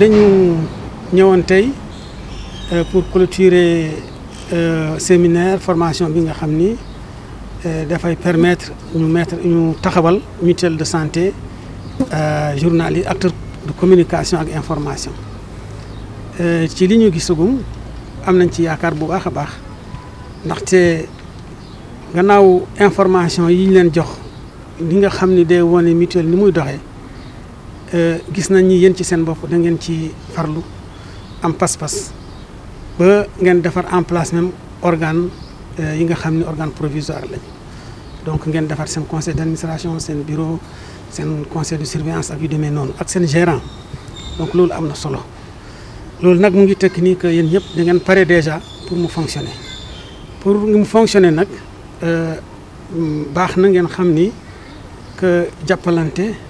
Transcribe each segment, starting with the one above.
dañu ñëwoon tey euh, pour clôturer euh, séminaire formation bi nga xam ni euh, dafay permettre ñu mettre ñu taxawal mutuelle de santé euh, journaliste acteur de communication et information euh, ci li ñu gisagum am nañ ci yaakaar bu baax a baax ndaxte gannaaw information yi ñu leen jox li nga xam ni day wone mutuelle ni muy doxee Euh, gis nañ ni yeen ci seen bop da ngeen ci farlu am pas pass ba ngeen defar en place même organe euh, yi nga xamni organe provisoire lañ donc ngeen defar seen conseil d'administration seen bureau seen conseil de surveillance ak yu demee noonu ak seen gérant donc loolu am na solo loolu nag mu ngi tekk ni que yéen ñëpp da ngeen pare déjà pour mu fonctionner pour mu fonctionner nag euh, baax na ngeen xam ni que jàppalante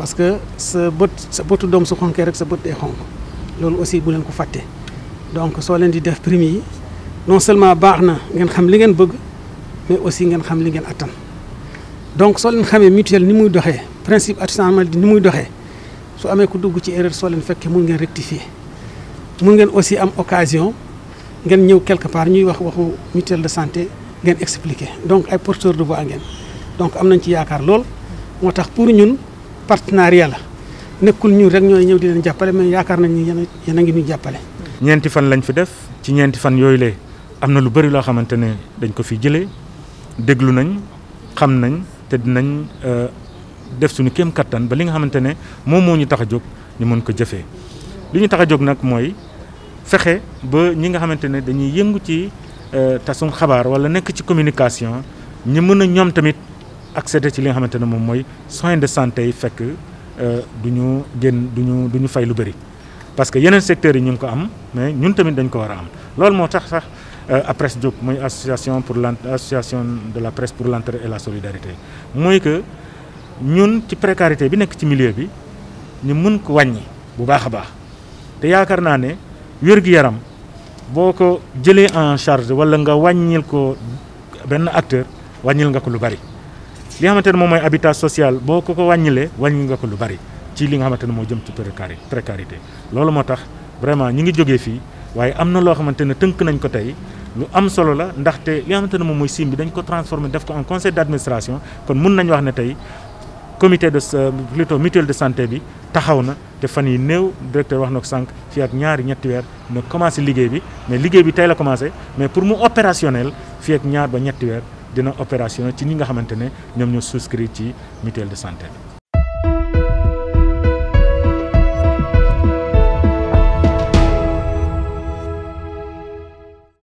parce que ce bët ce bëtu doom su xonkee rek sa bët day xong loolu aussi bu len ko faté. donc so len di def prime yi non seulement baax na ngeen xam li ngeen bëgg mais aussi ngeen xam li ngeen attan donc so len xamé mutuel ni muy doxé principe artisanal maladie ni muy doxé su amé ku dugg ci erreur so len fekké mun ngeen rectifier mun ngeen aussi am occasion ngeen ñëw quelque part ñuy wax waxu mutuel de santé ngeen expliquer donc ay porteurs de voix ngeen donc am nañ ci yaakaar lool moo tax pour ñun. partenariat la nekkul ñun rek ñooy ñëw di leen jàppale mais yaakaar nañ ni yéen a yéen a ngi ñuy jàppale. ñeenti fan lañ fi def ci ñeenti fan yooyu lee am na lu bëri loo xamante ne dañ ko fi jëlee déglu nañ xam nañ te dinañ euh, def suñu kéem kattan ba li nga xamante ne moom moo ñu tax a jóg ñu mën ko jëfee li ñu tax a jóg nag mooy fexe ba ñi nga xamante ne dañuy yëngu ci euh, tasum xabaar wala nekk ci communication ñu mën a ñoom tamit. acceté ci li nga xamante ne moom mooy soins de santé yi fekk euh, du ñu génn du ñu du ñu fay lu bëri parce que yeneen secteurs yi ñu ngi ko am mais ñun tamit dañ ko war a am loolu moo tax sax APRES euh, jóg muy association pour l' association de la presse pour l' entraide et la solidarité mooy que ñun ci précarité bi nekk ci milieu bi ñu mun ko wàññi bu baax a baax te yaakaar naa ne wér-gu-yaram boo ko jëlee en charge walla nga wàññil ko benn acteur wàññil nga ko lu bari li nga xamante habitat social boo ko ko wàññilee wàññi nga ko lu bari ci li nga jëm ci précarité loolu moo vraiment ñi ngi jógee fii waaye am na loo xamante la en conseil d'administration pour mun nañ wax comité de de santé bi taxaw na te directeur wax na ko sànq ak ñetti commencé liggéey bi mais liggéey bi la commencé mais pour mu opérationnel dina opération ci ñi nga xamante ne ñoom ñoo souscrit ci mutuelle de santé